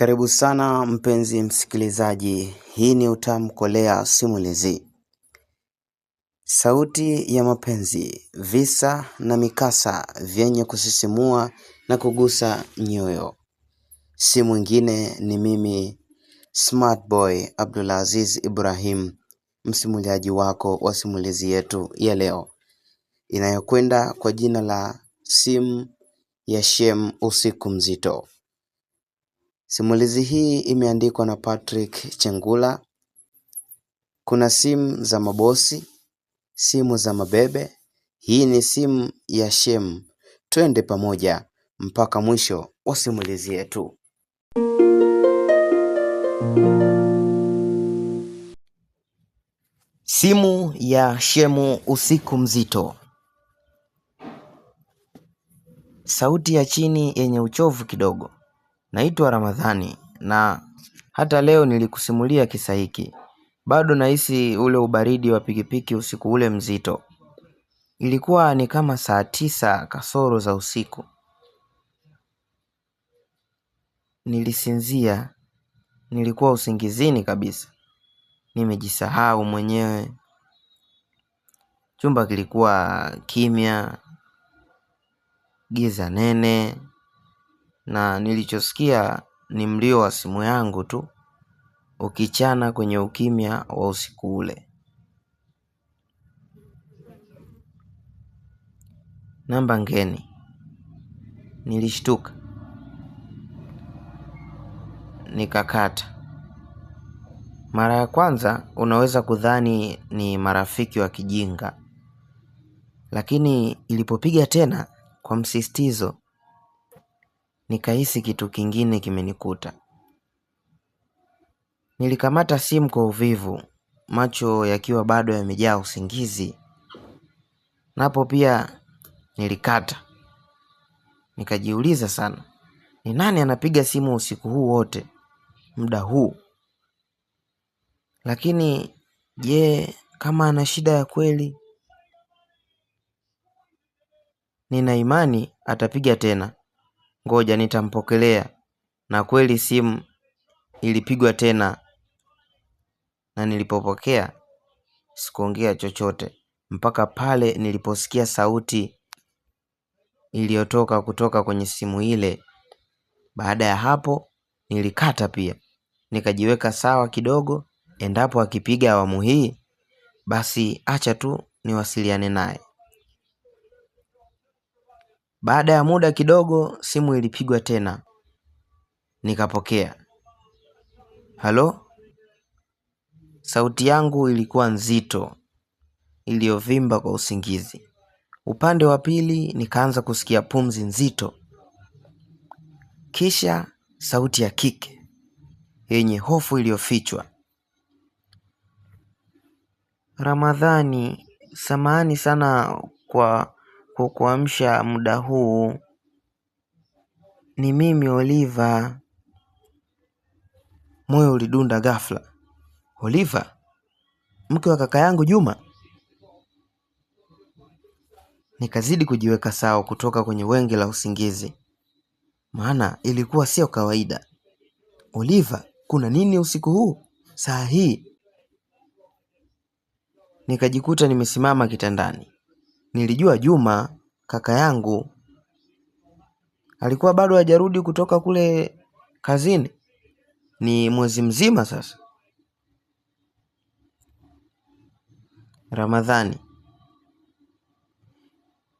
Karibu sana mpenzi msikilizaji, hii ni Utamu Kolea Simulizi, sauti ya mapenzi, visa na mikasa vyenye kusisimua na kugusa nyoyo. Si mwingine ni mimi Smart Boy Abdulaziz Ibrahim, msimuliaji wako wa simulizi yetu ya leo inayokwenda kwa jina la Simu ya Shem Usiku Mzito. Simulizi hii imeandikwa na Patrick Chengula. Kuna simu za mabosi, simu za mabebe. Hii ni simu ya Shem. Twende pamoja mpaka mwisho wa simulizi yetu. Simu ya Shemu usiku mzito. Sauti ya chini yenye uchovu kidogo. Naitwa Ramadhani na hata leo nilikusimulia kisa hiki. Bado nahisi ule ubaridi wa pikipiki usiku ule mzito. Ilikuwa ni kama saa tisa kasoro za usiku. Nilisinzia, nilikuwa usingizini kabisa. Nimejisahau mwenyewe. Chumba kilikuwa kimya, giza nene na nilichosikia ni mlio wa simu yangu tu ukichana kwenye ukimya wa usiku ule. Namba ngeni. Nilishtuka nikakata. Mara ya kwanza unaweza kudhani ni marafiki wa kijinga, lakini ilipopiga tena kwa msisitizo nikahisi kitu kingine kimenikuta. Nilikamata simu kwa uvivu, macho yakiwa bado yamejaa usingizi. Napo pia nilikata, nikajiuliza sana, ni nani anapiga simu usiku huu wote, muda huu? Lakini je, kama ana shida ya kweli? Nina imani atapiga tena ngoja nitampokelea. Na kweli simu ilipigwa tena, na nilipopokea sikuongea chochote mpaka pale niliposikia sauti iliyotoka kutoka kwenye simu ile. Baada ya hapo nilikata pia, nikajiweka sawa kidogo. Endapo akipiga awamu hii, basi acha tu niwasiliane naye. Baada ya muda kidogo, simu ilipigwa tena, nikapokea. Halo? Sauti yangu ilikuwa nzito, iliyovimba kwa usingizi. Upande wa pili nikaanza kusikia pumzi nzito, kisha sauti ya kike yenye hofu iliyofichwa. Ramadhani, samahani sana kwa kukuamsha muda huu. Ni mimi Oliva. Moyo ulidunda ghafla. Oliva, mke wa kaka yangu Juma? Nikazidi kujiweka sawa kutoka kwenye wengi la usingizi, maana ilikuwa sio kawaida. Oliva, kuna nini usiku huu saa hii? Nikajikuta nimesimama kitandani nilijua Juma kaka yangu alikuwa bado hajarudi kutoka kule kazini, ni mwezi mzima sasa. Ramadhani,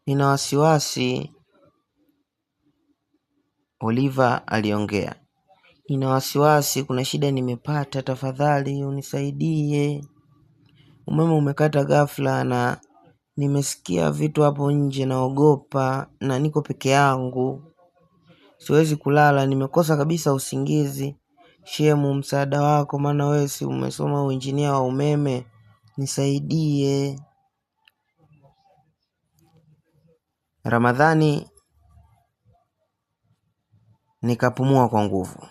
nina wasiwasi. Oliva aliongea, nina wasiwasi, kuna shida nimepata, tafadhali unisaidie. Umeme umekata ghafla na Nimesikia vitu hapo nje naogopa na niko peke yangu. Siwezi kulala, nimekosa kabisa usingizi. Shemu, msaada wako maana wewe si umesoma uinjinia wa umeme. Nisaidie. Ramadhani nikapumua kwa nguvu.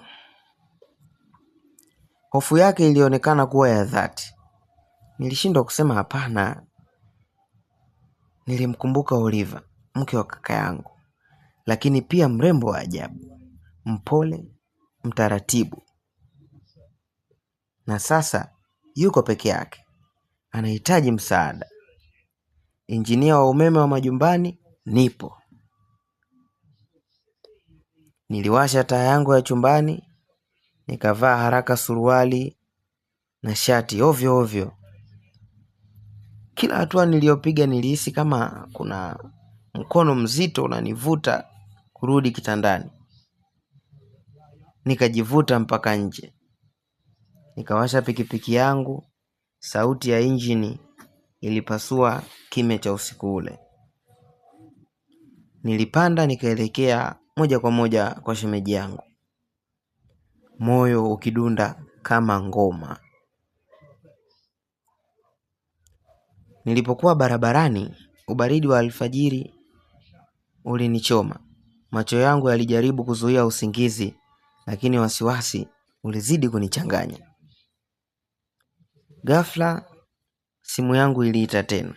Hofu yake ilionekana kuwa ya dhati. Nilishindwa kusema hapana Nilimkumbuka Oliva, mke wa kaka yangu, lakini pia mrembo wa ajabu, mpole, mtaratibu, na sasa yuko peke yake, anahitaji msaada. Injinia wa umeme wa majumbani, nipo. Niliwasha taa yangu ya chumbani, nikavaa haraka suruali na shati ovyo ovyo kila hatua niliyopiga nilihisi kama kuna mkono mzito unanivuta kurudi kitandani. Nikajivuta mpaka nje, nikawasha pikipiki yangu. Sauti ya injini ilipasua kimya cha usiku ule. Nilipanda nikaelekea moja kwa moja kwa shemeji yangu, moyo ukidunda kama ngoma. Nilipokuwa barabarani, ubaridi wa alfajiri ulinichoma. Macho yangu yalijaribu kuzuia usingizi, lakini wasiwasi ulizidi kunichanganya. Ghafla simu yangu iliita tena.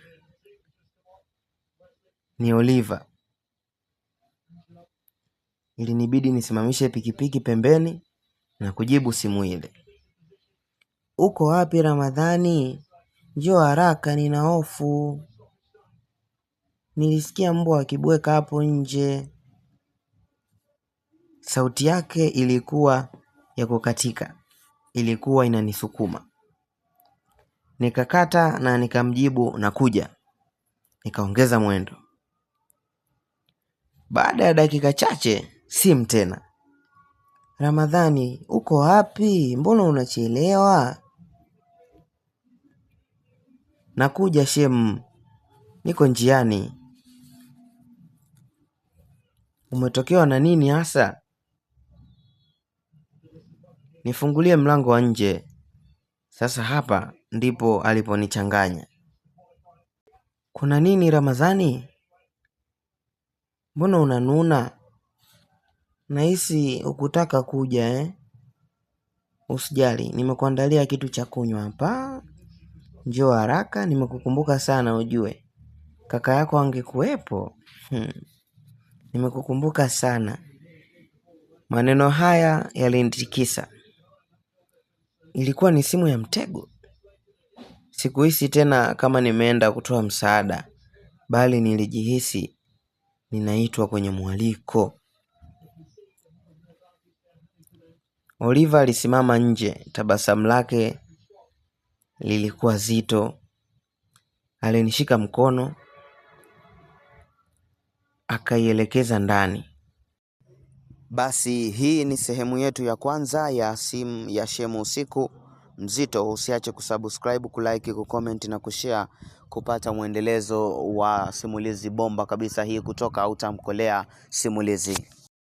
Ni Oliva. Ilinibidi nisimamishe pikipiki pembeni na kujibu simu ile. Uko wapi Ramadhani? Njoo haraka nina hofu. Nilisikia mbwa wakibweka hapo nje. Sauti yake ilikuwa ya kukatika. Ilikuwa inanisukuma. Nikakata na nikamjibu nakuja. Nikaongeza mwendo. Baada ya dakika chache, simu tena. Ramadhani, uko wapi? Mbona unachelewa? Nakuja shem niko njiani. Umetokewa na nini hasa? Nifungulie mlango wa nje. Sasa hapa ndipo aliponichanganya. Kuna nini Ramadhani? Mbona unanuna? Nahisi ukutaka kuja eh? Usijali, nimekuandalia kitu cha kunywa hapa. Njoo haraka, nimekukumbuka sana ujue. Kaka yako angekuwepo. Hmm. Nimekukumbuka sana. Maneno haya yalinitikisa. Ilikuwa ni simu ya mtego. Sikuhisi tena kama nimeenda kutoa msaada, bali nilijihisi ninaitwa kwenye mwaliko. Oliva alisimama nje, tabasamu lake lilikuwa zito. Alinishika mkono akaielekeza ndani. Basi hii ni sehemu yetu ya kwanza ya simu ya Shemu Usiku Mzito. Usiache kusubscribe, kulike, kucomment na kushare kupata mwendelezo wa simulizi bomba kabisa hii kutoka Utamkolea Simulizi.